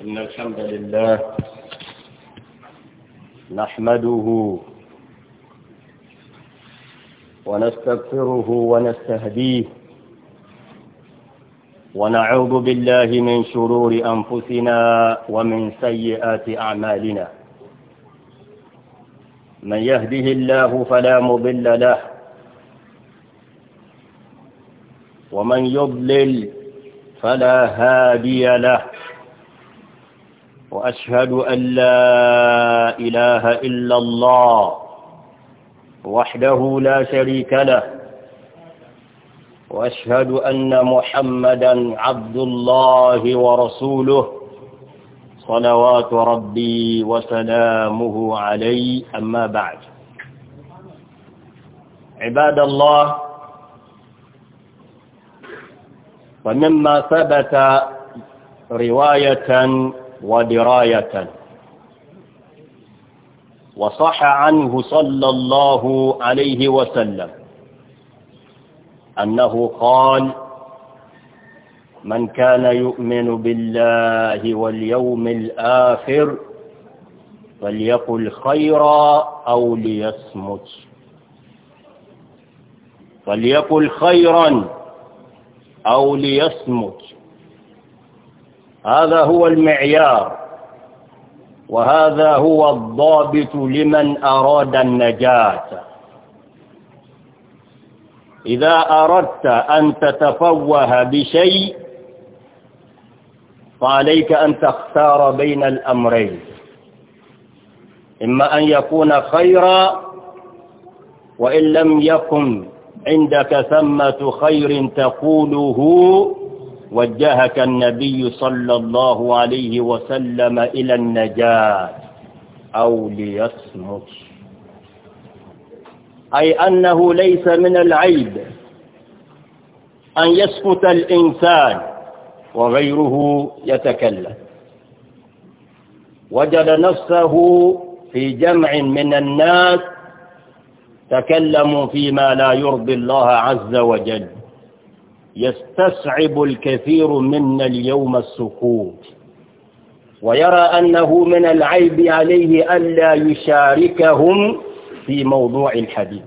إن الحمد لله نحمده ونستغفره ونستهديه ونعوذ بالله من شرور أنفسنا ومن سيئات أعمالنا من يهده الله فلا مضل له ومن يضلل فلا هادي له وأشهد أن لا إله إلا الله وحده لا شريك له وأشهد أن محمدا عبد الله ورسوله صلوات ربي وسلامه عليه أما بعد عباد الله ومما ثبت رواية ودراية وصح عنه صلى الله عليه وسلم أنه قال من كان يؤمن بالله واليوم الآخر فليقل خيرا أو ليصمت فليقل خيرا أو ليصمت هذا هو المعيار وهذا هو الضابط لمن أراد النجاة إذا أردت أن تتفوه بشيء فعليك أن تختار بين الأمرين إما أن يكون خيرا وإن لم يكن عندك ثمة خير تقوله وجهك النبي صلى الله عليه وسلم إلى النجاة أو ليصمت أي أنه ليس من العيب أن يسكت الإنسان وغيره يتكلم وجد نفسه في جمع من الناس تكلموا فيما لا يرضي الله عز وجل يستصعب الكثير منا اليوم السكوت ويرى أنه من العيب عليه ألا يشاركهم في موضوع الحديث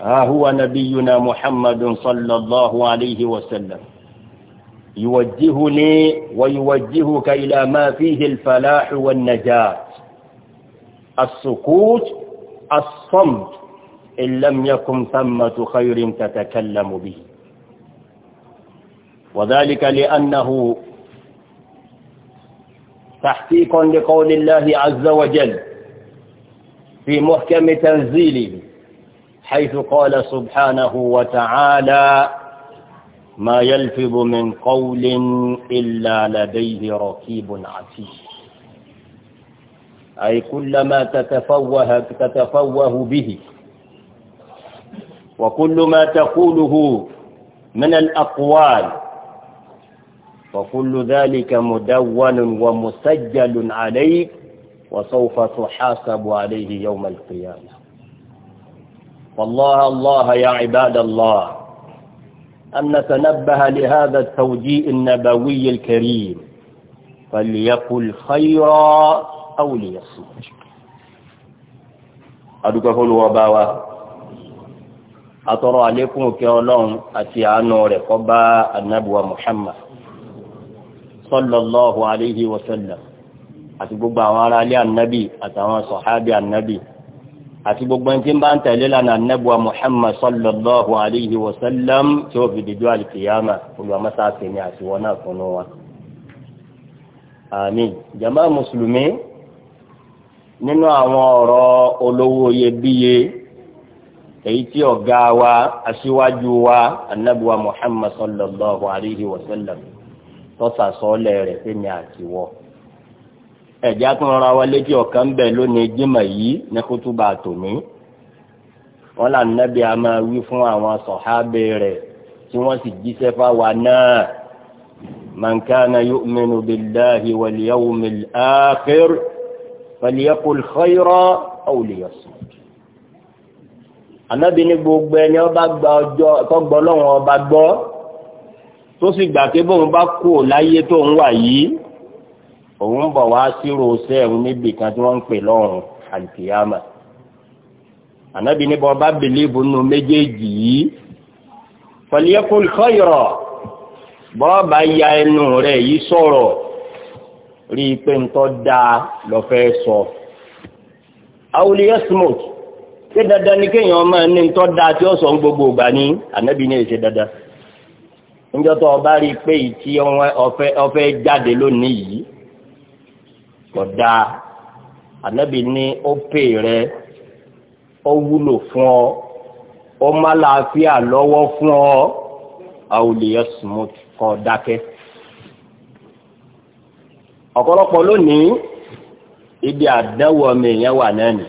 ها هو نبينا محمد صلى الله عليه وسلم يوجهني ويوجهك إلى ما فيه الفلاح والنجاة السكوت الصمت إن لم يكن ثمة خير تتكلم به وذلك لأنه تحقيق لقول الله عز وجل في محكم تنزيله حيث قال سبحانه وتعالى ما يلفظ من قول إلا لديه رقيب عتيد أي كلما تتفوه, تتفوه به وكل ما تقوله من الأقوال فكل ذلك مدون ومسجل عليك وسوف تحاسب عليه يوم القيامة والله الله يا عباد الله أن نتنبه لهذا التوجيه النبوي الكريم فليقل خيرا أو ليصمت أدوك أقول وباوة أترى عليكم àlékún أتي عنه àti النبوة محمد sallallahu alayhi wa sallam àti gbogbo àwọn ará ilé ànábì àtàwọn sọ̀hábì ànábì àti gbogbo ẹni tí ń bá ń tẹ̀lé lánàá nẹ́bùa muhammad sallallahu alayhi wa sallam tí ó fi dìjú alìkìyàmà olùwàmọ́sá àtẹ̀mí àti wọn náà fún wa. àmín jama mùsùlùmí nínú àwọn ọ̀rọ̀ olówó iyebíye èyí tí ọ̀gá wa aṣíwájú wa annabuwa muhammad sallallahu alayhi wa tọ́sàsọ́ọ́lẹ̀ rẹ̀ fẹ́mi àtiwọ́ ẹ̀já tó ń ra wa létí ọ̀kan bẹ̀ lónìí jímọ̀ yìí ní kútúbà tòní wọn là nàbí a máa wí fún àwọn sọ̀hábẹ́ rẹ̀ tí wọ́n sì jíṣẹ́ fáwa náà man kana yu'minu billahi wal yawmil akhir falyaqul khayra aw liyasmut ànábì gbogbo ẹni ọba gbọ́ ọjọ́ tó lọ́wọ́ ọba gbọ́ tó sì gbà pé bóun bá kú ò láyé tó ń wà yìí òun bọ̀ wá sírò sẹ́ẹ̀rù níbi kan tí wọ́n ń pè lọ́rùn àlùkìyàmà ànábì ní bá bìlíìbù nù méjèèjì yìí falyaqul khayra bọ́ọ̀ ya ẹnu rẹ̀ yìí sọ̀rọ̀ rí i pé ńtọ́ dáa lọ́fẹ́ sọ. awliyasmut ṣé dandan ni kéèyàn máa ní ńtọ́ dáa tí ó sọ ń gbogbo ìgbà ní ànábì ní èsè dandan níjọ́ tó ọba rí i pé ìtì ọ̀fẹ́ jáde lónìí yìí kò dáa ànábì ní ó pè rẹ ó wúlò fún ọ ó má láàfíà lọ́wọ́ fún ọ àwòlíyẹ smooth kọ dákẹ́. ọ̀pọ̀lọpọ̀ lónìí ibi àdánwò ọmọ èèyàn wà náà nì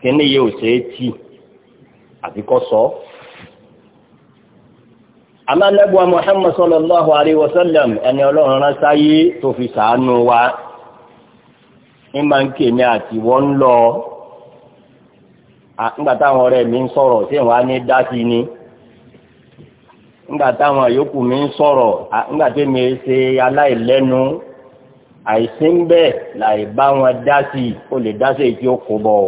kíní yìí ò ṣeé tì àbíkọ́ sọ àmá nẹ́gbọ́n Muhammad sallallahu alayhi wa sallam ẹni ọlọ́run rán sáyé tó fi sàánú wa ní máa ń ké ní àti wọ́n lọ nígbà táwọn ọ̀rẹ́ mi ń sọ̀rọ̀ tí wọ́n á ní dá sí ni nígbà táwọn yòókù mi ń sọ̀rọ̀ nígbà tí mi ṣe aláìlẹ́nu àìsí ń bẹ́ẹ̀ láì bá wọn dá sí ó lè dá sí èyí ó kó bọ̀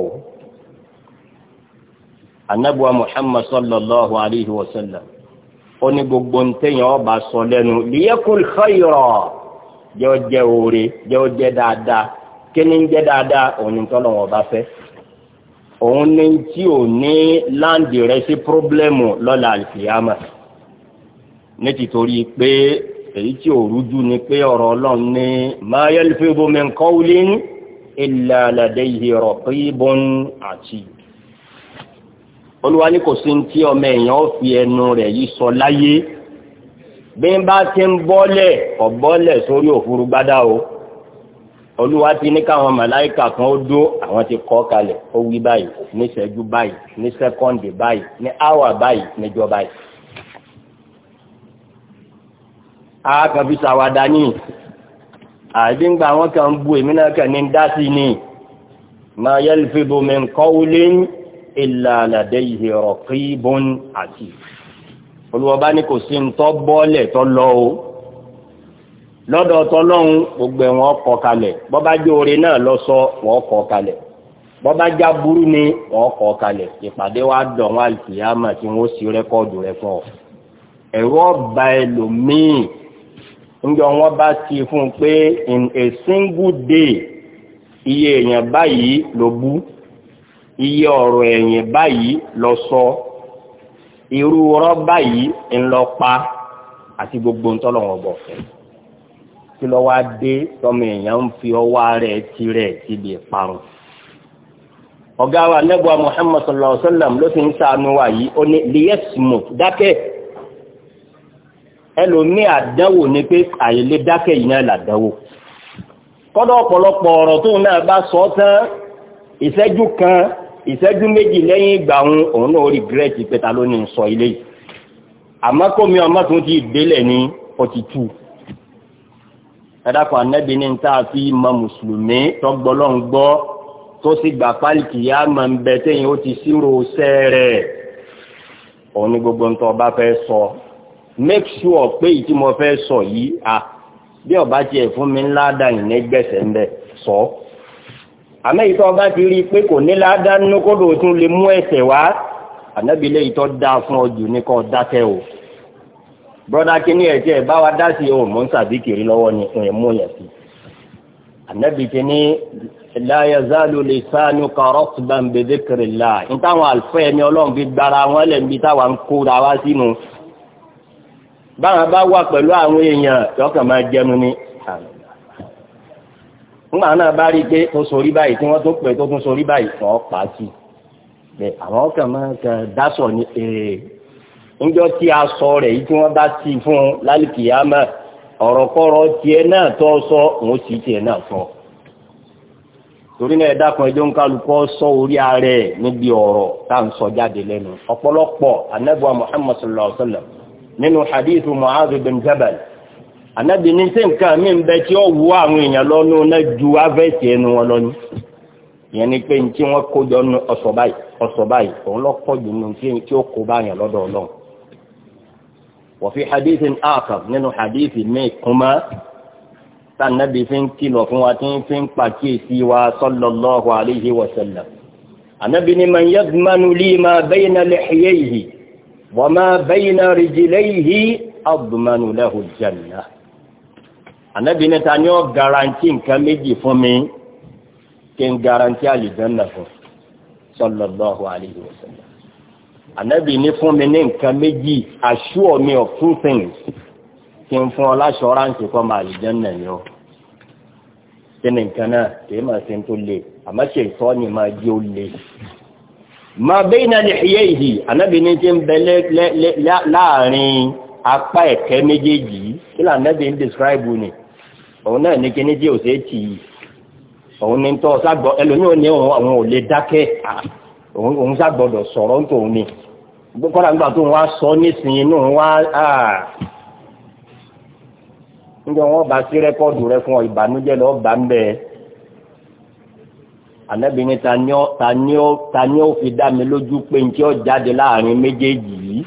anabuwa Muhammad sallallahu alaihi wa sallam. ó ní gbogbo ntẹ̀yìn ọba sọ lẹ́nu liyakul khayra jẹ́ ó jẹ́ oore jẹ́ ó jẹ́ dáadáa kí ni ń jẹ́ dáadáa òun ni tọ́lọ̀ wọn bá fẹ́ òun ni tí ò ní láǹdì rẹ sí pírọ́blẹ́mù lọ́la àlìkìyàmà ní tìtorí pé èyí tí ò rújú ni pé ọ̀rọ̀ ọlọ́run ní ma yalfidu min qawlin illa ladayhi raqibun atid olúwa ní kò sí ní tí ọmọ èèyàn fi ẹnu rẹ̀ yìí sọ láyé bí n bá ti ń bọ́lẹ̀ ọ̀bọ́lẹ̀ sórí òfurufú gbádá o olúwa ti ní káwọn màláìkà kan ó dó àwọn ti kọ kalẹ̀ ó wí báyìí níṣẹ́jú báyìí ní sẹ́kọ́ǹdì báyìí ní áwà báyìí níjọ́ báyìí. àákànfi sàwádà ní àdíngbà wọn kàn ń bu èmi náà kàn ní dá sí ní ma yalfidu min qawlin illa ladayhi raqibun atid olùwọ́ba ní kò sí ntọ́ bọ́ọ̀lẹ̀ tọ́ lọ o lọ́dọ̀ tọ́lọ́hún gbogbo ẹ̀wọ̀n ọkọ̀ kalẹ̀ bọ́bá jẹ́ oore náà lọ sọ wọ́n kọ̀ kalẹ̀ bọ́bá já burú ni wọ́n kọ̀ kalẹ̀ ìpàdé wa dọ̀ wọn tí wọ́n sì rẹ́kọ́ọ̀dù rẹ ẹ̀rọ ọba ẹlòmíì ńjọ wọn bá ti fún un pé in a single day iye èèyàn báyìí ló bú iye ọ̀rọ̀ ẹ̀yìn báyìí lọ sọ irú ọ̀rọ̀ báyìí nlọ pa àti gbogbo ńtọ́lọ̀wọ̀n bọ̀ fẹ́ kí wá dé tọmọ èèyàn ń fi ọwọ́ rẹ̀ tirẹ̀ síbi ìparun ọ̀gá wa nẹ́gbà Muhammad sallallahu wa sallam ló ti ń sànú wa yìí ó ní liyesmo dákẹ́ ẹlòmíì àdánwò ni pé àyèlé kan ìṣẹ́jú méjì lẹ́yìn ìgbà òun òun náà regret pẹ̀ta ló ní sọ ilé yìí àmọ́ kò mi ọmọ tó ti gbélẹ̀ ní ọtí tù ẹ̀dàkùn anẹ́bí ní ta fi mọ mùsùlùmí tọ́gbọ́lọ́n gbọ́ tó sì gbà pálíkì yá mọ̀ ń téyìn ó ti sírò sẹ́rẹ̀ òun ní gbogbo ń ọba fẹ́ sọ make sure pé ìtí mo fẹ́ sọ yìí à bí ọba tiẹ̀ fún mi ńlá dà ní gbẹ̀sẹ̀ ń sọ. So àmọ́ ìtọ́ ọba ti rí i pé kò ní ládánú kódò tún lè mú ẹsẹ̀ wá ànábì lè ìtọ́ da fún ọjù ní kọ́ dákẹ́ o brọ́dá kínní ẹ̀ bá wa dá sí ohun mọ́ ń sàbíkiri lọ́wọ́ ni ẹ̀ mú yẹn sí ànábì kínní la yazalu lisanuka ratban bi dhikrillah ní táwọn àlùfẹ́ ẹni ọlọ́run fi gbára wọn lẹ̀ níbi táwọn ń kóra wá sínú báwọn bá wà pẹ̀lú àwọn èèyàn yọkàn máa jẹnu ní àná ńgbà náà bá rí i pé ó sorí báyìí tí wọ́n tó pè tó tún sorí báyìí fọ́ pa sí i àwọn kan máa ń kan dásọ̀ ní ee níjọ́ tí a sọ rẹ̀ yìí tí wọ́n bá ti fún un lálùkìyàmọ́ ọ̀rọ̀kọ́rọ̀ tiẹ̀ náà tó sọ òun sì tiẹ̀ náà sọ torí náà ẹ̀dá kan ẹjọ́ sọ orí ààrẹ níbi ọ̀rọ̀ tá à sọ jáde lẹ́nu ọ̀pọ̀lọpọ̀ anábọ̀ Muhammad sallallahu alaihi wa sallam nínú hadith Mu'adh bin Jabal ànábì ní sí nǹkan mi ń bẹ tí ó wú àwọn èèyàn lọ́nu náà ju avẹ́sì ẹnu wọn lọ ni ìyẹn ni pé tí wọ́n kó jọ nu ọ̀sọ̀ báyìí ọ̀sọ̀ báyìí òun lọ pọ̀ jù nù tí ó kó bá yàn lọ́dọ̀ ọlọ́run wa fi hadithin akhar nínú hadithi míì kúmá tànàbí fi ń kìlọ̀ fún wa tí ń fi ń pàkíyèsí wa sallallahu alayhi wa sallam ànábì ni man yadmanu li ma bayna lihiyayhi wa ma bayna rijlayhi admanu lahu al-jannah anabi níta ni ó garanti nǹkan méjì fún mi kí n garanti àlìjánná fún sallallahu alayhi wa sallam anabi ní fún mi ní nǹkan méjì assure me of two things kí n fún ọ láṣọ ráǹtì kọ́ máa àlìjánná ni ó kí ni nǹkan náà kì í máa ṣe tó le àmọ́ ṣe ìtọ́ ni máa jí ó le ma bẹ́ẹ̀nà lẹ́yẹ́ ìhì anábì ní tí ń bẹ láàrin apá ẹ̀kẹ́ méjèèjì kí là anábì ń describe ni òun náà ní kíní tí ò ṣe é tì í òun ní tọ́ ságbọ́ ẹlòmíì ò ní òun àwọn ò lè dákẹ́ òun ságbọ́dọ̀ sọ̀rọ̀ ń tòun ni kọ́lá nígbà tó wá sọ nísìnyí inú wá níjọ́ wọn bá sí rẹ́kọ́ọ̀dù rẹ fún ọ ìbànújẹ́ lọ́ọ́ bá ń bẹ́ẹ̀ ànábìíní ta ni ó ta ni ó ta ni ó fi dá mi lójú pé ntí ó jáde láàrin méjèèjì yìí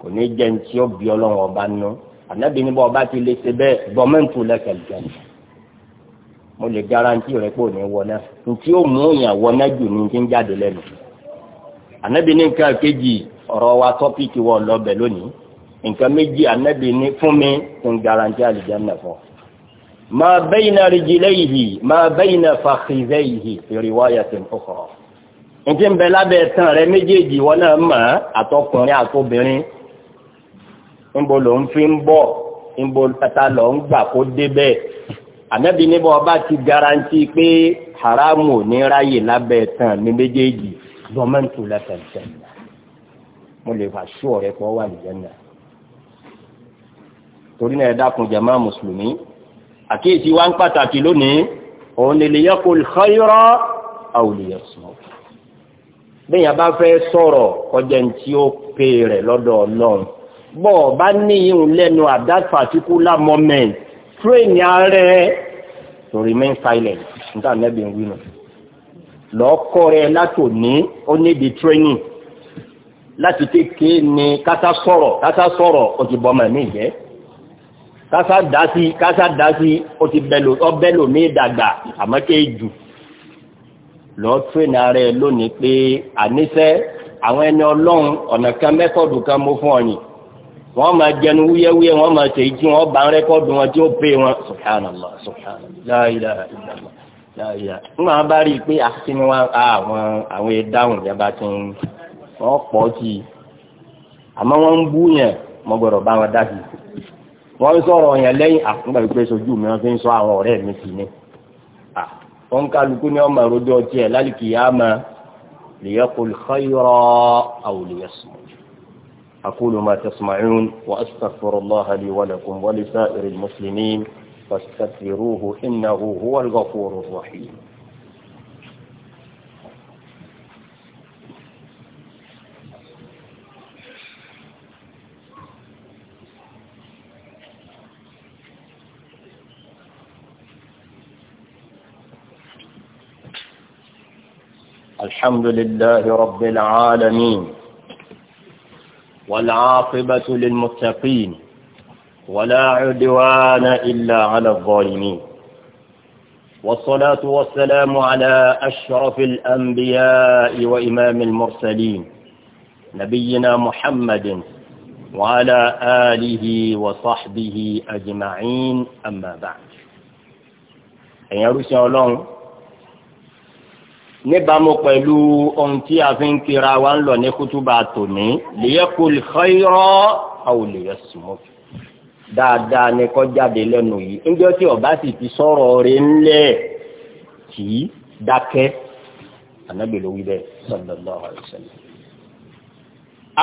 kò ní jẹ́ ntí ó bí ọlọ́run ọba nù ànábì ní bọ́ ọba ti lè ṣe bẹ́ẹ̀ gọ́mẹ̀ntì lẹ́kẹ̀ lẹ́nu mo lè garanti rẹ pé ò ní wọná ntí ó mú yàn wọná jù ní ti ń jáde lẹ́nu ànábì ní nǹkan kejì ọ̀rọ̀ wa tọ́pìkì wọ̀ lọ́bẹ̀ lónìí nǹkan méjì ànábì ní fún mi kí n garanti àlìjánnà fún ma bayna rijlayhi ma bayna fakhidhayhi fi riwayatin ukhra ntí ń bẹ lábẹ́ tán rẹ méjèèjì wọ́n náà mọ̀ ńbo ló ń fi ń bọ̀ ńbo tata ló ń gbà kó débẹ̀ ànábi níbo ọba ti garanti pé haramu ní ráyè lábẹ́ tán mi méjèèjì gọ́mẹ̀ntì lẹ́tẹ̀ẹ̀tẹ̀ mo lè fà sú ọ̀rẹ́ kọ́ wà nìyẹn náà torí náà ẹ dákun jàmá mùsùlùmí àkíyèsí wa ń pàtàkì lónìí òun lè lè yẹ kó khayra aw liyasmut bẹ́ẹ̀ yẹn bá fẹ́ sọ̀rọ̀ kọjá ní tí ó pè rẹ̀ lọ́dọ̀ ọlọ́run. bọ́ bá ní ìhun lẹ́nu at that particular moment train ààrẹ to remain silent níta nẹ́bí ń nù lọ́kọ́ rẹ látò ní ó ní di training láti kéèké ni ó ti ní ìjẹ́ kásá dásí kásá ó ti bẹ́lò ó àmọ́ kéè jù train ààrẹ lónìí pé àníṣẹ́ àwọn ẹni ọlọ́run ọ̀nà kan kan fún wọ́n máa jẹnu wúyẹ́wúyẹ́ wọ́n máa ṣe ìjú wọn bá ń rẹ́kọ́dù wọn tí ó pè wọn subhanallah subhanallah la ilaha illallah la ilaha nígbà wọn bá rí i pé àṣìṣe ah, wọn ah, àwọn àwọn ìdáhùn ìjọba ti ń wọ́n pọ̀ sí i àmọ́ wọ́n yẹn mo gbọ́dọ̀ bá wọn dá sí i yẹn lẹ́yìn àkúngbà ah, ìpè sojú mi wọ́n fi ń sọ àwọn ọ̀rẹ́ mi sí ni wọ́n kálukú ní ọmọ ìrojọ́ tiẹ̀ lálìkìyàmà lèyẹ́kùn khayra aw liyasmut أقول ما تسمعون وأستغفر الله لي ولكم ولسائر المسلمين فاستغفروه إنه هو الغفور الرحيم الحمد لله رب العالمين والعاقبة للمتقين ولا عدوان إلا على الظالمين والصلاة والسلام على أشرف الأنبياء وإمام المرسلين نبينا محمد وعلى آله وصحبه أجمعين أما بعد أن يرسل الله níbàámu pẹ̀lú ohun tí a fi ń kira wa ń lọ ní kútúbà tòní liyaqul khayra aw liyasmut dáadáa ni kó jáde lẹ́nu yìí ńjọ́ tí ọba sì ti sọ̀rọ̀ rẹ̀ ńlẹ̀ kì í dákẹ́ Ànábì wí bẹ́ẹ̀ sallallahu alaihi wasallam.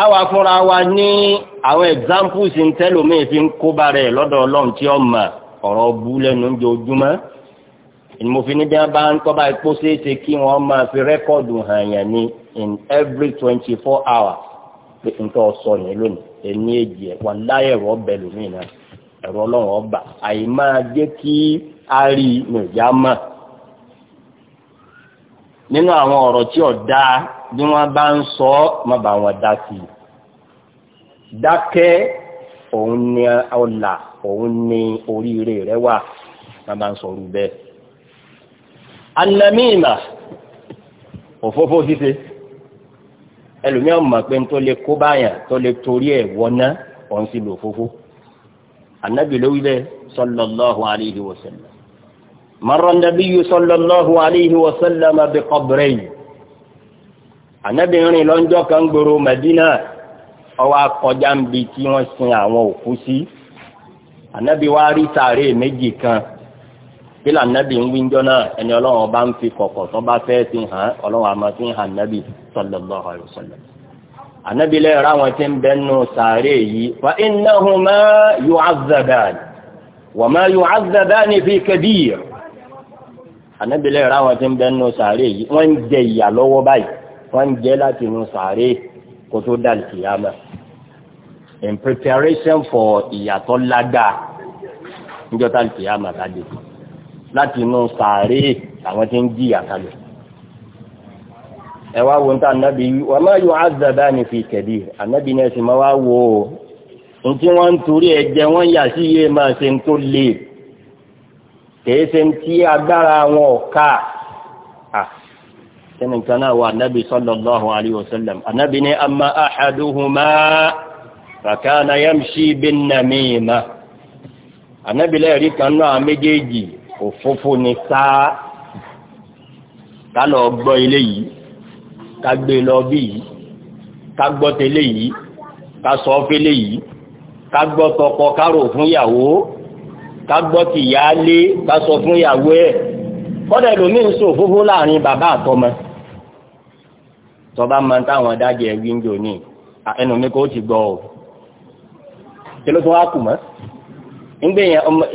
àwa fúnra wa ní àwọn examples ń tẹ́lómi fi ń kóbá lọ́dọ̀ ọlọ́run tí ó mọ̀ ọ̀rọ̀ bú lẹ́nu ń jojúmọ́. mo fi ní bí wọ́n bá ń tọ́ bá epo ma fi rẹ́kọ̀dù hàn yàn ní in every twenty four hours pé nǹkan ọ̀sọ̀ yẹn lónìí ẹni èjì ẹ̀ wà láyé ẹ̀rọ ọbẹ̀ ọba àyè máa kí a rí i nínú àwọn ọ̀rọ̀ tí ò dáa bí wọ́n bá ń sọ ọ́ má bá wọn dá sí i dákẹ́ ni ọ̀la òun ni oríire rẹ wà má bá ń sọ ọ́ anamíìmà òfófó ṣíṣe ẹlòmíràn mọ̀ pé tó lè kó báyà tó lè torí ẹ̀ wọná òun sì lò òfófó anabi bẹ́ẹ̀ sallallahu alayhi wa sallam marra nabiyyu sallallahu alayhi wa sallam bi qabrayn anabi rìn lọ́njọ́ kan gbòòrò madina ọwọ́ akọjá ń bi tí wọ́n sin àwọn òkú sí anabi sàárè méjì kan kí là nẹ́bì ń wí jọ náà ẹni ọlọ́run bá ń fi kọ̀kọ̀ tó bá fẹ́ fi hàn ọlọ́run àmọ́ fi hàn nẹ́bì sallallahu alaihi wasallam ànẹ́bì lẹ́ẹ̀rọ àwọn tí ń bẹnu sàárè yìí fa innahuma yu'azzaban wa ma yu'azzaban fi kabir ànẹ́bì lẹ́ẹ̀rọ àwọn tí ń bẹnu sàárè yìí wọ́n ń jẹ ìyà lọ́wọ́ báyìí wọ́n ń jẹ láti inú sàárè kó tó dàlù kìyàmà in preparation for ìyàtọ̀ lágbàá níjọ́ta kìyàmà bá dé láti inú sàárè àwọn tí ń jìyà kalẹ̀ ẹ wá wo níta ànábì wà má yọ àzàbá ni fi kẹ̀dí ànábì náà sì máa wá wo n tí wọ́n ń torí ẹ̀jẹ̀ wọ́n yà sí iye máa ṣe ń tó le kèé ṣe ń tí agbára wọn ò sẹ́ni kan náà wà ànábì sallallahu alayhi wa sallam ànábì ní amma ahaduhuma fakana yamshi bin namima ànábì lẹ́ẹ̀rí kan náà méjèèjì òfófó ni ká ká lọ gbọ́ ilé yìí ká gbé lọ bí yìí ká gbọ́ tẹ́lẹ̀ yìí ká sọ fẹ́lẹ̀ yìí ká gbọ́ tọkọ kárò fún ìyàwó ká gbọ́ tìyáálé ká sọ fún ìyàwó ẹ̀ kọ́dà ẹlòmíì ń sọ òfófó láàrin bàbá àtọmọ tọba máa ń táwọn adájẹ wíńdò ní ẹnu mi kò ti gbọ́ ọ kí ló tún wá kù mọ́. nígbà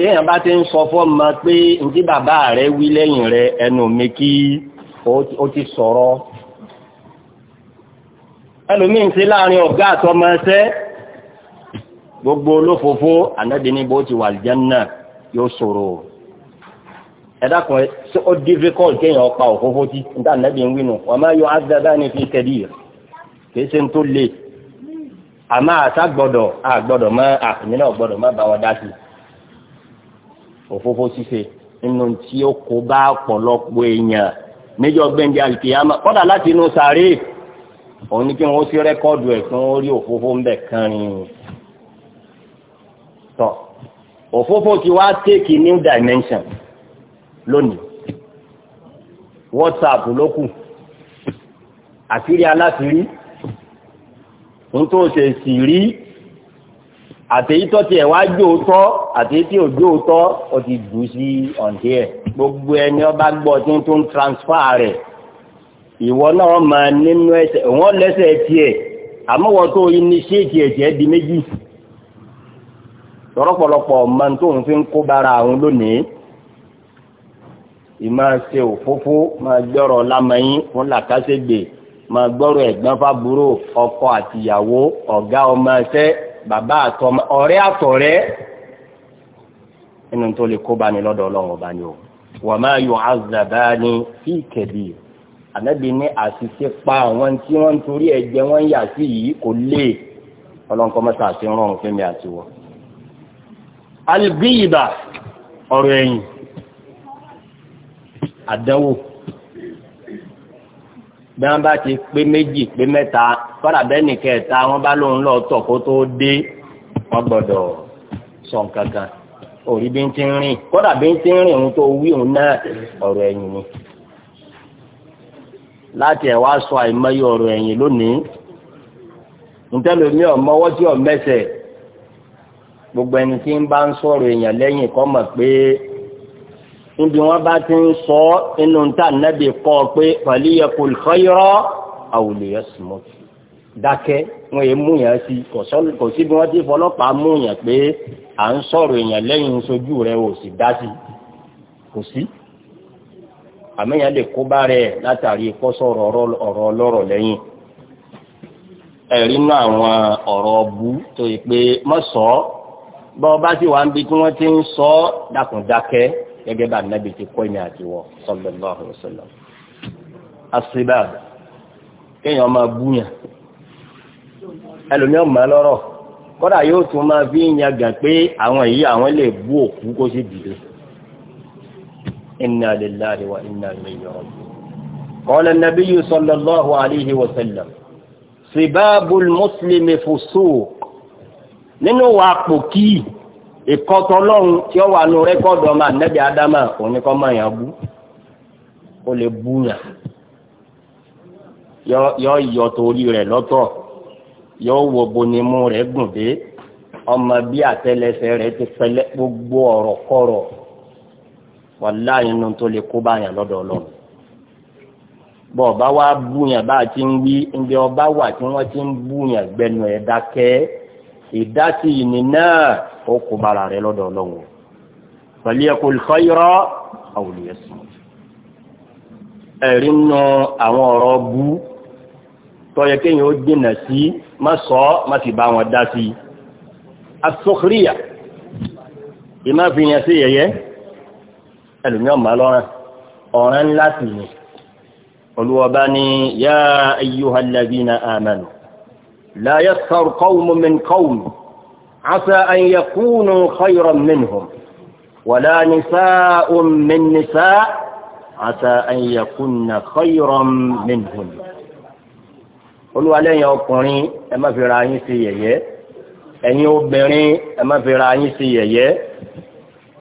èèyàn bá ti ń sọ fún ma pé ntí bàbá rẹ wí lẹ́yìn rẹ ẹnu mi kí ó ti sọ̀rọ̀ ẹlòmíín sí láàrin ọ̀gá àtọmọ ẹsẹ́ gbogbo olófòfó ànádi ní bó ti wà lìjánná yóò sọ̀rọ̀ ẹ̀dá kan ó difficult kéèyàn pa òfófó tí níta ànádi ń wínú wọ́n máa yọ ádádá ní fi kẹ́dí kìí tó le àmọ́ àṣà gbọ́dọ̀ mọ́ bá wọn dá sí i. òfófó ṣíṣe nínú tí ó kó bá ọ̀pọ̀lọpọ̀ èèyàn níjọ́ gbẹ̀ǹdì àlùkìyàmà kọ́dà láti inú sàárè òun ní kí wọ́n sí rẹ́kọ́ọ̀dù ẹ̀ kí wọ́n òfófó ń bẹ̀ kan rìn tọ̀ òfófó ti wá take new dimension lónìí whatsapp ló kù àṣírí aláṣírí ń tó ṣe sì rí àtẹ̀yítọ́ tiẹ̀ wá jó tọ́ àtẹ̀yítí ò jó tọ́ ó ti dù sí ọ̀ǹdí ẹ̀ gbogbo ẹni ọba gbọ́ tí ń tún transfer rẹ̀ ìwọ náà máa nínú ẹsẹ̀ wọ́n lẹ́sẹ̀ tiẹ̀ àmọ́ wọ́n tó initiate ẹ̀jẹ̀ di méjì lọ́rọ̀pọ̀lọpọ̀ ọ̀ma tó ń fi ń kó bára àwọn lónìí ìmá ṣe òfófó máa gbọ́rọ̀ lámẹ́yìn fún làkàṣègbè máa gbọ́rọ̀ ẹ̀gbọ́n fábúrò ọkọ àtìyàwó ọ̀gá ọmọ ẹsẹ́ bàbá àtọmọ ọ̀rẹ́ àtọ̀rẹ́ inú tó lè kó bá ní lọ́dọ̀ ọlọ́run ọba ni o wà máa yọ azàbá ni sí ìkẹ̀bí ànábì ní àṣìṣe pa àwọn tí wọ́n ń torí ẹ̀jẹ̀ wọ́n ń yà sí yìí kò lè ọlọ́nkọ́ mẹ́ta àti rọrùn fún àti wọ́n. alìbíyìbà ọ̀rọ̀ ẹ̀yìn àdánwò bí wọ́n bá ti pé méjì pé mẹ́ta kọ́dà bẹ́ẹ̀ni kẹta wọ́n bá lóun lọ tọ̀ kó tó dé wọ́n gbọ́dọ̀ sọ nǹkan kan òrí bí ń ti rìn kọ́dà bí ń ti rìn òun tó wí òun náà ọ̀rọ̀ ẹ̀yìn ni láti ẹ̀ wá sọ àìmọye ọ̀rọ̀ ẹ̀yìn lónìí ntẹ́lómi ọ̀mọ́wọ́ tí ọ̀mẹ́sẹ̀ gbogbo ẹni tí ń bá ń sọ̀rọ̀ èèyàn lẹ́yìn kọ́ mọ̀ pé níbi wọ́n bá ti ń sọ inú ta nẹ́bí kọ́ pé pẹ̀lú kò lọ́yọ́rọ́ àwùlẹ̀ yẹ sùmọ́tì dákẹ́ wọn yìí múyàn sí kò sí bí wọ́n ti fọlọ́pàá múyàn pé à ń sọ̀rọ̀ èèyàn lẹ́yìn sojú rẹ̀ ò sì dá sí kò sí àmẹ́yàn lè kó bá rẹ̀ látàrí kó ọ̀rọ̀ ọlọ́rọ̀ lẹ́yìn ẹ̀rí náà àwọn ọ̀rọ̀ ọbú tó yẹ pé mọ́ sọ ọ́ bọ́ bá sì wá ń bi tí wọ́n ti ń sọ ọ́ dákun dákẹ́ gẹ́gẹ́ bá nàbì ti kọ́ ìní àti wọ́ sallallahu ẹlòmíì ọmọ lọ́rọ̀ kódà yóò tún máa fi yangàn pé àwọn yìí àwọn lè bú òkú kó sì dìde. inna lillahi wa inna ilayhi raji'un. قال النبي صلى الله عليه وسلم سباب المسلم فسوق nínú wa pòkì ìkọtọ lọ́run tí ó wà ní rẹ́kọ́dù ọmọ ànẹ́bí adama oníkọ́ máa bú ó lè bú yàn yọ yọ torí rẹ̀ lọ́tọ̀ yóò wo bonimú rẹ̀ gùn dé ọmọ bí àtẹ́lẹsẹ̀ rẹ̀ ti pẹlẹ gbogbo ọ̀rọ̀ kọ̀rọ̀ wàlá inú tó lè kó báyàn lọ́dọ̀ Ọlọ́run bọ ọba wa búyàn bá a ti ń wí ndé ọba wà tí wọ́n ti ń búyàn gbẹnu ẹ dákẹ́ ìdásí ìní náà ó kó bára rẹ̀ lọ́dọ̀ Ọlọ́run pẹ̀lú ẹkọ ìkọyọrọ àwòlẹyẹsùn ẹrí nù àwọn ọ̀rọ̀ bú. tọ́yẹ kí yíò dínà sí má sọ má ti bá wọn dá sí asọ́kìríyà ìmá fi yẹn sí yẹyẹ ẹlòmíràn má lọ́rẹ́ ọ̀rẹ́ ńlá sì ni olùwọ́ba ni yá ayyuhal ladhina amanu la yaskhar qawmun min qawmin عسى أن يكونوا خيرا منهم ولا نساء من نساء عسى أن يكون خيرا منهم olúwalẹ́yìn ọkùnrin ẹ má fi ra yín sí yẹ̀yẹ́ ẹ̀yin obìnrin ẹ má fi ra yín sí yẹ̀yẹ́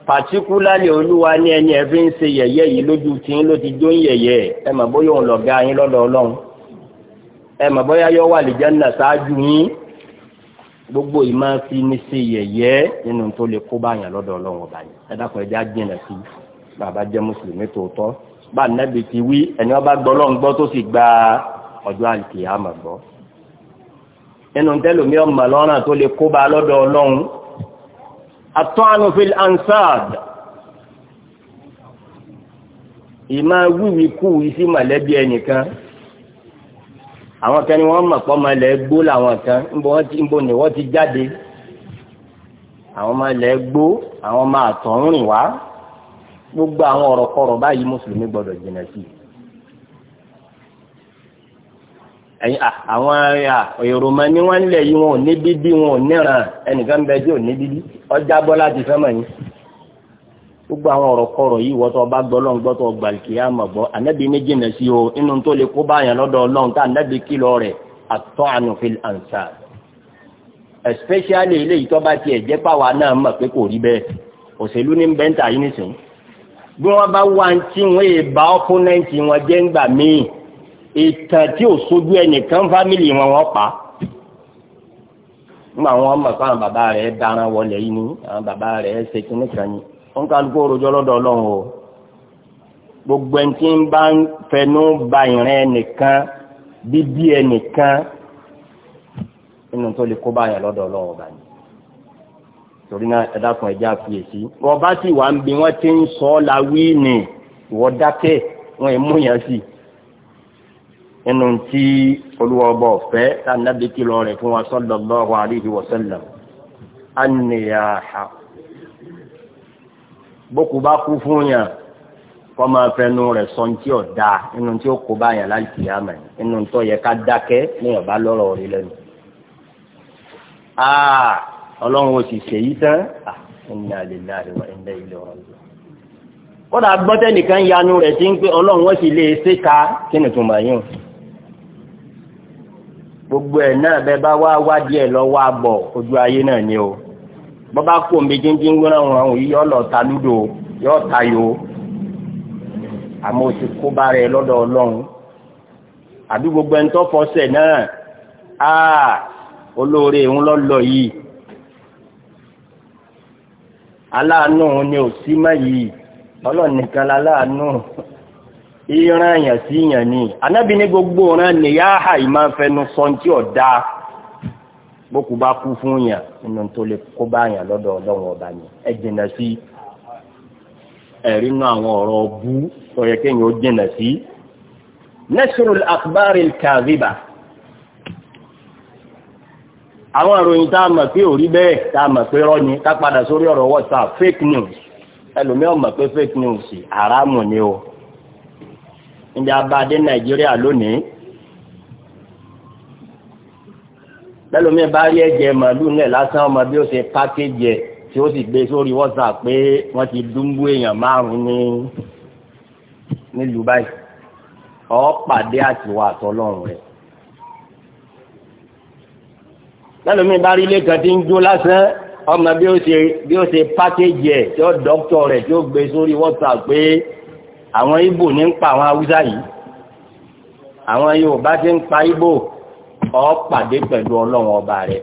pàtíkúlálì olúwa ní ẹni ẹ fi ń ṣe yẹ̀yẹ́ yìí lójú tí ń ló ti jó ń yẹ̀yẹ́ ẹ mà bóyá òun lọ̀gá yín lọ́dọ̀ ọlọ́run ẹ mà bóyá yọ wà lè jẹ́nà ṣáájú yín gbogbo ìmọ̀ fi ní ṣe yẹ̀yẹ́ nínú tó lè kó báyàn lọ́dọ̀ ọlọ́run ọba yìí ẹ dákun ẹja jìnà sí bàbá jẹ́ mùsùlùmí tòótọ́ bá nẹ́bi ti wí ẹni ọba gbọ́ ọlọ́run gbọ́ tó sì gba ọjọ́ àlùkìyàmà gbọ́ nínú tẹlomi ọmọ lọ́rùn tó lè kóba lọ́dọ̀ ọlọ́run atọ́nu fil ansad ìmọ̀ wíwí kú sí mọ̀lẹ́bí ẹnìkan àwọn kan ni wọ́n mọ̀ pọ́ máa lẹ̀ gbó làwọn kan ńbọ ni wọ́n ti jáde àwọn máa lẹ̀ gbó àwọn máa tọ̀ ń rìn wá gbogbo àwọn ọ̀rọ̀kọ̀rọ̀ báyìí mùsùlùmí gbọ́dọ̀ jìnà sí i. ẹ̀yin àwọn èrò mọ ni wọ́n ń lẹ̀ yìí wọn ò ní bíbí wọn ò níran ẹnìkan bẹ tí ò ní bíbí ọjà bọ́ láti sánmọ̀ yín gbogbo àwọn ọ̀rọ̀ kọ̀rọ̀ yìí wọ́n tó ọba gbọ́ lọ́n gbọ́ tó gbàlùkì yá mọ̀ gbọ́ ànábì ní jìnnà sí o inú tó lè kó báyàn lọ́dọ̀ ọlọ́run tá ànábì kìlọ̀ rẹ̀ àtọ́ ànùfil ànsà especially eléyìí tó bá tiẹ̀ jẹ́ pàwa náà mọ̀ pé kò rí bẹ́ẹ̀ òṣèlú ní bẹ́ńtà yìí nìsín bí wọ́n bá wá ń tí wọ́n èèbá ọ́pọ́nẹ́ǹtì wọn jẹ́ ńgbà míì ìtàn tí ò sojú ẹnìkan fámìlì wọn wọn pa nígbà wọn mọ̀ fún àwọn bàbá rẹ̀ dáná wọlé yìí ni àwọn bàbá rẹ̀ ṣe kíní kan ni wọn kà lóko rojọ́ lọ́dọ̀ ọlọ́run o gbogbo ẹni tí ń bá ń fẹnu ba ìrìn ẹnìkan bíbí ẹnìkan nínú tó lè kó báyà lọ́dọ̀ ọlọ́run ọba ni torí náà ẹ dákun ẹ já fiyèsí wọn bá sì wà ń bí wọn ti ń sọ ọ la wí ni ìwọ dákẹ́ wọn ì mú yẹn sí i inú tí olúwa ọba ọ̀fẹ́ tàbí kìlọ̀ rẹ̀ fún wa sallallahu alaihi wa sallam anniyaha bókù bá kú fún yàn kọ́ máa fẹnu rẹ̀ sọ tí ò dáa inú tí ó kó bá yàn láì kìá mẹ́ inú tó yẹ ká dákẹ́ ní ọ̀bá lọ́rọ̀ rí lẹ́nu. Ah, ọlọ́run oṣù ṣèyí tán ah, inna lillahi wa inna ilaihi raji'un. kódà gbọ́tẹ́ nìkan yanu rẹ̀ tí ń pé ọlọ́run wọ́n lè ṣe ká kí gbogbo ẹ náà bẹ́ẹ̀ bá wá wádìí lọ lọ́wọ́ bọ ojú ayé náà ni o bọ́bá kó omi jíjí ń gbọ́nà wọn lọ ta lúdò yọ ta yo o ti kó bá rẹ lọ́dọ̀ ọlọ́run àbí gbogbo ẹni tó fọsẹ náà á olóore ń lọ lọ yìí aláàánú ni ò sí ìran àyàn sí ìyàn ni anábì ní gbogbo ọ̀ràn nìyáhà ìmáfẹ́nu sọ tí ọ̀ dá bókù bá kú fún yàn nínú tó lè kó bá yàn lọ́dọ̀ ọlọ́run ọba ni ẹ jìnà sí ẹ̀rí àwọn ọ̀rọ̀ bú tó yẹ ó jìnà sí nasrul akhbari kaziba àwọn ìròyìn tá a mọ̀ pé ò ká padà sórí ọ̀rọ̀ WhatsApp fake news mọ̀ pé fake news haramu ni o. níbi abáadé nàìjíríà lónìí lẹ́lómi bá rí ẹ̀jẹ̀ màálù náà lásán ọmọ bí ó ṣe pákéjì ẹ̀ tí ó sì gbé sórí WhatsApp pé wọ́n ti dúnbú èèyàn márùn-ún ní nílùú báyìí ọ pàdé àtiwà àtọlọ́run rẹ̀ lẹ́lómi bá rí ilé kan tí ń jó lásán ọmọ bí ó ṣe pákéjì ẹ̀ tí ó dọ́kítọ̀ rẹ̀ tí ó gbé sórí WhatsApp pé àwọn Ìgbò ní ń pa àwọn Haúsá yìí àwọn Yorùbá ti ń pa Ìgbò ọ pàdé pẹ̀lú Ọlọ́run ọba rẹ̀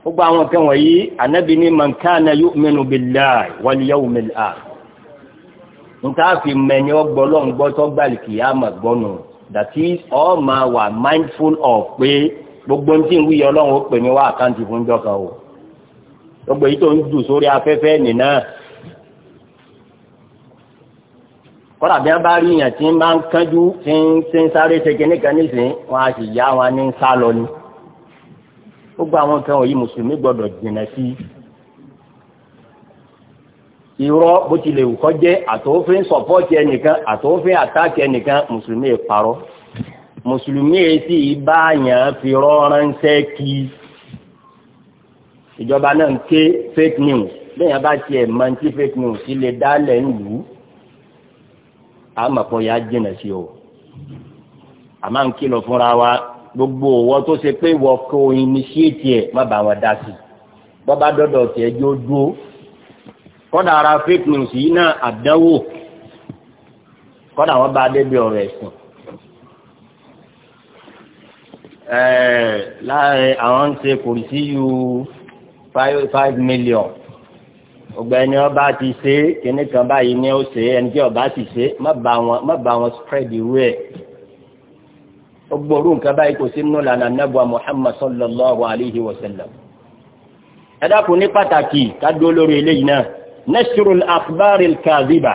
gbogbo àwọn kan wọ̀nyí anábì ní man kana yu'minu billahi wal yawmil akhir nta fi mẹ́ni ọgbọ́ lọ́n gbọ́ tó gbàlì kì á mà gbọ́nu that is all ma wà mindful of pé gbogbo ní tí ń wíyọ Ọlọ́run ó pè ní wá àkáǹtì fún jọ́kan o gbogbo yìí tó ń dù sórí afẹ́fẹ́ nìyẹn kọ́dà bí wọ́n bá rí yàn tí ń bá ń kánjú tí ń tí ń sáré ṣege nìkan nísìn wọn a sì yá wọn ní sá lọ ni gbogbo àwọn nǹkan wọ̀nyí mùsùlùmí gbọ́dọ̀ jìnà sí irọ́ bó tilẹ̀ wù kó jẹ́ àtòófin sọ̀pọ́ọ̀tì ẹnìkan àtòófin àtàkì ẹnìkan mùsùlùmí parọ́ mùsùlùmí èsì ìbáyàn fi rọ́ránṣẹ́ kí ìjọba náà ń ké fake news bẹ́ẹ̀ yẹn bá tiẹ̀ mọ ti fake news sí lè dálẹ̀ ń lù ú àmọ̀pọ̀ yà á jìnà sí o àmọ́ à ń kìlọ̀ fúnra wa gbogbo òwò tó ṣe pé ìwọ kò initiate ẹ̀ má bàa wọn dá sí bọ́bá dọ́dọ̀ tẹ̀ ẹjọ́ dúró kọ́dà ara fake news yìí náà àdánwò kọ́dà wọn bá débi ọ̀rọ̀ ẹ̀sìn. láàrin àwọn ń ṣe kò sí ju five million gbogbo ẹni ọba ti ṣe kíní kan báyìí ni ó ṣe ẹni tí ọba ti ṣe má bá wọn spread ìwé ẹ̀ gbogbo orú nǹkan báyìí kò sí nínú lànà nàbùwà Muhammad sallallahu alayhi wa sallam ẹ dákun ní pàtàkì ká dúró lórí eléyìí náà nashrul akhbaril kadhiba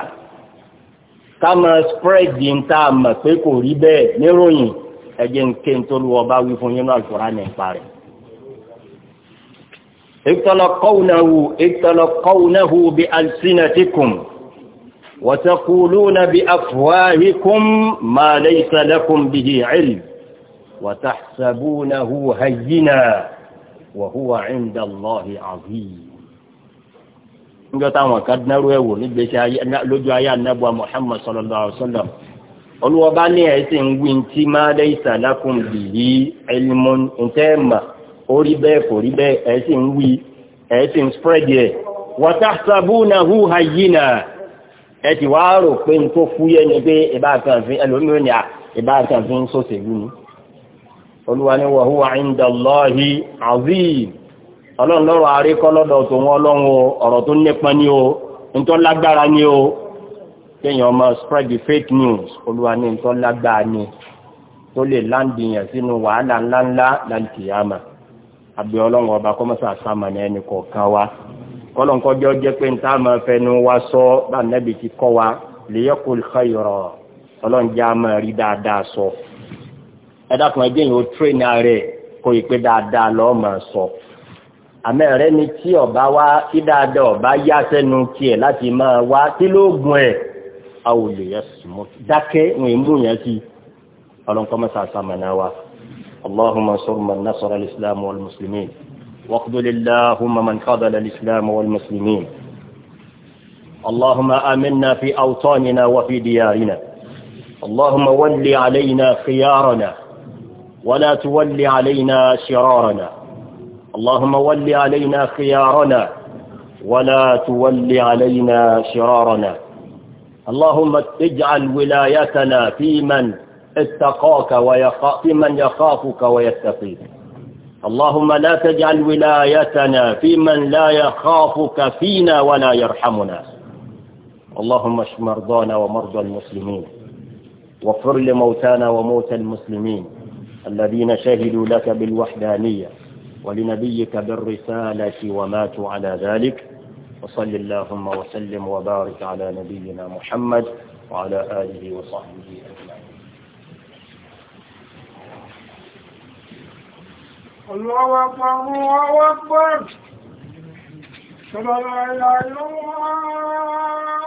ká máa spread yìí ń tá a mọ̀ pé kò rí bẹ́ẹ̀ níròyìn ẹ̀jẹ̀ ń ké ń tó lu ọba wí fún yín náà al nípa rẹ̀. اتلقونه اتلقونه بألسنتكم وتقولون بأفواهكم ما ليس لكم به علم وتحسبونه هينا وهو عند الله عظيم نجد تاما قد نروه نجد لجو الله ليس لكم به علم انتما ó rí bẹ́ẹ̀ kò rí bẹ́ẹ̀ ẹ̀ sì ń wí ẹ̀ sì ń spread yẹ wọ́tá sabúnà hu hayina ẹ ti wá rò pé n tó fúyẹ́ ni pé ìbá kan fi ẹlòmíràn ni ìbá kan fi ń sọ̀sẹ̀lú ni olúwa ni wọ́n huwa inda Allahi azim ọlọ́run lọ́rọ̀ àríkọ́ lọ́dọ̀ tó wọn ọlọ́run o ọ̀rọ̀ tó nípa ní o ntọ́ lágbára ní o kéèyàn ọmọ spread the fake news olúwa ní ntọ́ lágbára ní tó lè láǹdì sínú wàhálà ńláńlá láǹkìyàmà àbí ọlọ́run ọba kọ́mọ́sà sàmànà ẹnì kọ̀ọ̀kan wa kọ́lọ́nkọ́jọ́ jẹ́ pé níta máa fẹnu wa sọ bá nẹ́bi ti kọ́ wa lèyẹ́kù xeyọ̀rọ̀ ọlọ́njẹ́ a máa rí dáadáa sọ ẹ dákun ẹgbẹ́ yìí ó tírẹ́nì rẹ̀ kó yìí pé dáadáa lọ́ọ́ máa sọ àmẹ́ rẹ ni tí ọba wa kí dáadáa ọba yá sẹ́nu tiẹ̀ láti máa wá kí ló gun ẹ̀ a ò lè yẹ sùnmọ́ dákẹ́ òun èmú yẹn sí ọlọ́nkọ́mọ́sà sàmànà wa. اللهم انصر من نصر الإسلام والمسلمين واخذل اللهم من خذل الإسلام والمسلمين اللهم آمنا في أوطاننا وفي ديارنا اللهم ول علينا خيارنا ولا تول علينا شرارنا اللهم ول علينا خيارنا ولا تول علينا شرارنا اللهم اجعل ولايتنا في من اتقاك ويخاف من يخافك ويتقيك اللهم لا تجعل ولايتنا في من لا يخافك فينا ولا يرحمنا اللهم اشف مرضانا ومرضى المسلمين واغفر لموتانا وموتى المسلمين الذين شهدوا لك بالوحدانية ولنبيك بالرسالة وماتوا على ذلك وصل اللهم وسلم وبارك على نبينا محمد وعلى آله وصحبه أجمعين الله أكبر الله أكبر صلى الله عليه وسلم